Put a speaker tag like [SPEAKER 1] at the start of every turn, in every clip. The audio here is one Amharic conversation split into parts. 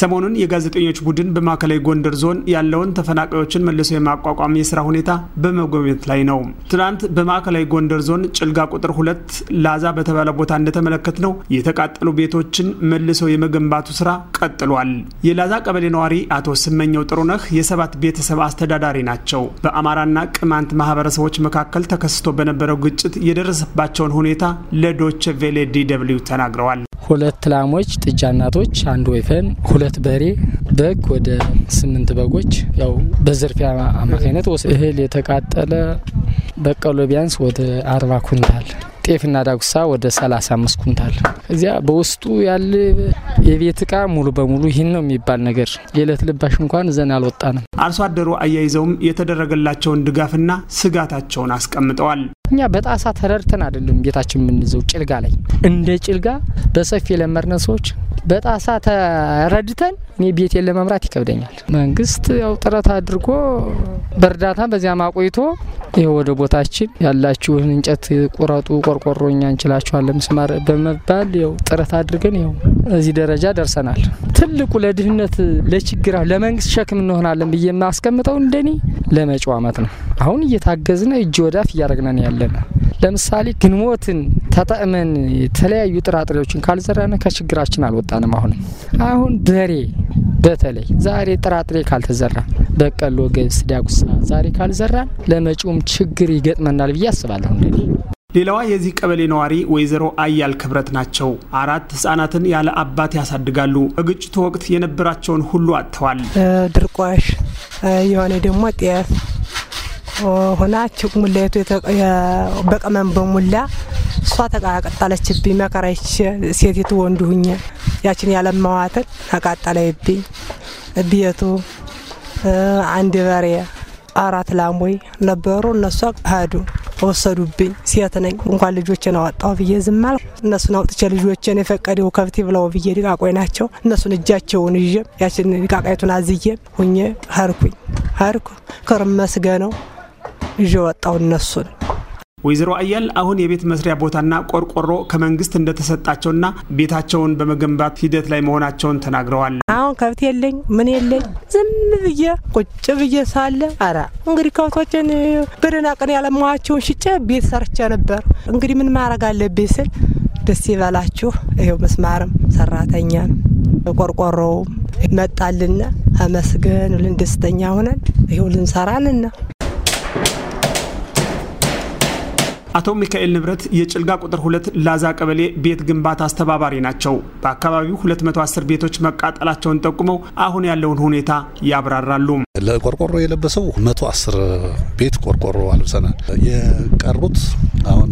[SPEAKER 1] ሰሞኑን የጋዜጠኞች ቡድን በማዕከላዊ ጎንደር ዞን ያለውን ተፈናቃዮችን መልሶ የማቋቋም የስራ ሁኔታ በመጎብኘት ላይ ነው። ትናንት በማዕከላዊ ጎንደር ዞን ጭልጋ ቁጥር ሁለት ላዛ በተባለ ቦታ እንደተመለከት ነው የተቃጠሉ ቤቶችን መልሶ የመገንባቱ ስራ ቀጥሏል። የላዛ ቀበሌ ነዋሪ አቶ ስመኘው ጥሩነህ የሰባት ቤተሰብ አስተዳዳሪ ናቸው። በአማራና ቅማንት ማህበረሰቦች መካከል ተከስቶ በነበረው ግጭት የደረሰባቸውን ሁኔታ ለዶቼ ቬሌ ዲ ደብልዩ ተናግረዋል።
[SPEAKER 2] ሁለት ላሞች ጥጃ እናቶች፣ አንድ ወይፈን፣ ሁለት በሬ፣ በግ ወደ ስምንት በጎች ያው በዝርፊያ አማካኝነት እህል የተቃጠለ በቀሎ ቢያንስ ወደ አርባ ኩንታል ጤፍና ዳጉሳ ወደ 35 ኩንታል እዚያ በውስጡ ያለ የቤት እቃ ሙሉ በሙሉ ይህን
[SPEAKER 1] ነው የሚባል ነገር የዕለት ልባሽ እንኳን ዘን አልወጣንም። አርሶ አደሩ አያይዘውም የተደረገላቸውን ድጋፍና ስጋታቸውን አስቀምጠዋል።
[SPEAKER 2] እኛ በጣሳ ተረድተን አይደለም ቤታችን የምንዘው ጭልጋ ላይ እንደ ጭልጋ በሰፊ የለመድነ ሰዎች በጣሳ ተረድተን እኔ ቤቴን ለመምራት ይከብደኛል። መንግስት ያው ጥረት አድርጎ በእርዳታ በዚያ አቆይቶ ይህ ወደ ቦታችን ያላችሁን እንጨት ቁረጡ ቆርቆሮ እኛ እንችላቸዋለን ምስማር በመባል ው ጥረት አድርገን ው እዚህ ደረጃ ደርሰናል። ትልቁ ለድህነት ለችግር ለመንግስት ሸክም እንሆናለን ብዬ የማስቀምጠው እንደኔ ለመጪው ዓመት ነው። አሁን እየታገዝነ እጅ ወዳፍ እያደረግነን ያለነ ለምሳሌ ግንቦትን ተጠቅመን የተለያዩ ጥራጥሬዎችን ካልዘራነ ከችግራችን አልወጣንም። አሁንም አሁን በሬ በተለይ ዛሬ ጥራጥሬ ካልተዘራ በቀሎ፣ ገብስ፣ ዳጉሳ ዛሬ ካልዘራን ለመጪውም ችግር ይገጥመናል ብዬ አስባለሁ። እንግዲህ
[SPEAKER 1] ሌላዋ የዚህ ቀበሌ ነዋሪ ወይዘሮ አያል ክብረት ናቸው። አራት ህጻናትን ያለ አባት ያሳድጋሉ። በግጭቱ ወቅት የነበራቸውን ሁሉ አጥተዋል። ድርቋሽ
[SPEAKER 3] የሆነ ደግሞ ጤፍ ሆና ሙላቱ በቀመን በሙላ እሷ ተቃጠለችብኝ። መከራች ሴቲቱ ወንዱ ሁኘ ያችን ያለማዋትን አቃጠለይብኝ። ቤቱ አንድ በሬ አራት ላሞይ ነበሩ እነሷ ሀዱ ወሰዱብኝ። ሴት ነኝ እንኳን ልጆችን አወጣሁ ብዬ ዝም አልኩ። እነሱን አውጥቼ ልጆችን የፈቀደው ከብት ብለው ብዬ ድቃቆይ ናቸው እነሱን እጃቸውን ይዤ ያችን ድቃቃይቱን አዝዬ ሁኜ ሀርኩኝ ሀርኩ ክርመስገ ነው
[SPEAKER 1] ይዤ ወጣው እነሱን ወይዘሮ አያል አሁን የቤት መስሪያ ቦታና ቆርቆሮ ከመንግስት እንደተሰጣቸውና ቤታቸውን በመገንባት ሂደት ላይ መሆናቸውን ተናግረዋል። አሁን ከብት የለኝ ምን የለኝ ዝም ብዬ ቁጭ ብዬ ሳለ አረ እንግዲህ
[SPEAKER 3] ከብቶችን ብርና ቅን ያለማዋቸውን ሽጬ ቤት ሰርቼ ነበር። እንግዲህ ምን ማድረግ አለብኝ ስል ደስ ይበላችሁ፣ ይኸው ምስማርም ሰራተኛም ቆርቆሮውም መጣልና አመስገን ልን ደስተኛ ሆነን ይኸው ልንሰራንና
[SPEAKER 1] አቶ ሚካኤል ንብረት የጭልጋ ቁጥር ሁለት ላዛ ቀበሌ ቤት ግንባታ አስተባባሪ ናቸው። በአካባቢው 210 ቤቶች መቃጠላቸውን ጠቁመው አሁን ያለውን ሁኔታ ያብራራሉ። ለቆርቆሮ የለበሰው 110 ቤት ቆርቆሮ አልብሰናል። የቀሩት አሁን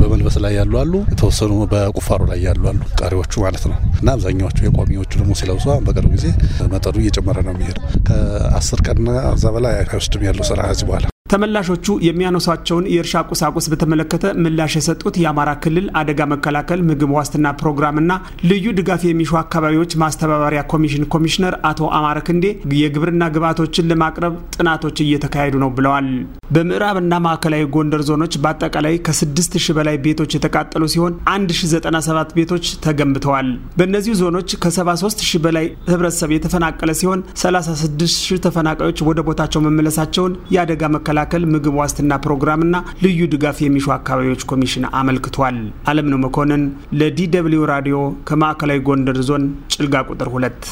[SPEAKER 1] በመልበስ ላይ ያሉ አሉ፣
[SPEAKER 3] የተወሰኑ በቁፋሮ ላይ ያሉ አሉ፣ ቀሪዎቹ ማለት ነው እና አብዛኛዎቹ የቋሚዎቹ ደግሞ ሲለብሱ አሁን በቅርብ ጊዜ መጠኑ እየጨመረ ነው የሚሄድ ከአስር ቀንና እዛ በላይ አይወስድም ያለው ስራ በኋላ
[SPEAKER 1] ተመላሾቹ የሚያነሷቸውን የእርሻ ቁሳቁስ በተመለከተ ምላሽ የሰጡት የአማራ ክልል አደጋ መከላከል ምግብ ዋስትና ፕሮግራምና ልዩ ድጋፍ የሚሹ አካባቢዎች ማስተባበሪያ ኮሚሽን ኮሚሽነር አቶ አማረ ክንዴ የግብርና ግብዓቶችን ለማቅረብ ጥናቶች እየተካሄዱ ነው ብለዋል። በምዕራብና ማዕከላዊ ጎንደር ዞኖች በአጠቃላይ ከስድስት ሺህ በላይ ቤቶች የተቃጠሉ ሲሆን 1097 ቤቶች ተገንብተዋል። በእነዚሁ ዞኖች ከ73 ሺህ በላይ ህብረተሰብ የተፈናቀለ ሲሆን 36 ሺህ ተፈናቃዮች ወደ ቦታቸው መመለሳቸውን የአደጋ መከላከል መከላከል ምግብ ዋስትና ፕሮግራምና ልዩ ድጋፍ የሚሹ አካባቢዎች ኮሚሽን አመልክቷል። አለምነው መኮንን ለዲ ደብልዩ ራዲዮ ከማዕከላዊ ጎንደር ዞን ጭልጋ ቁጥር ሁለት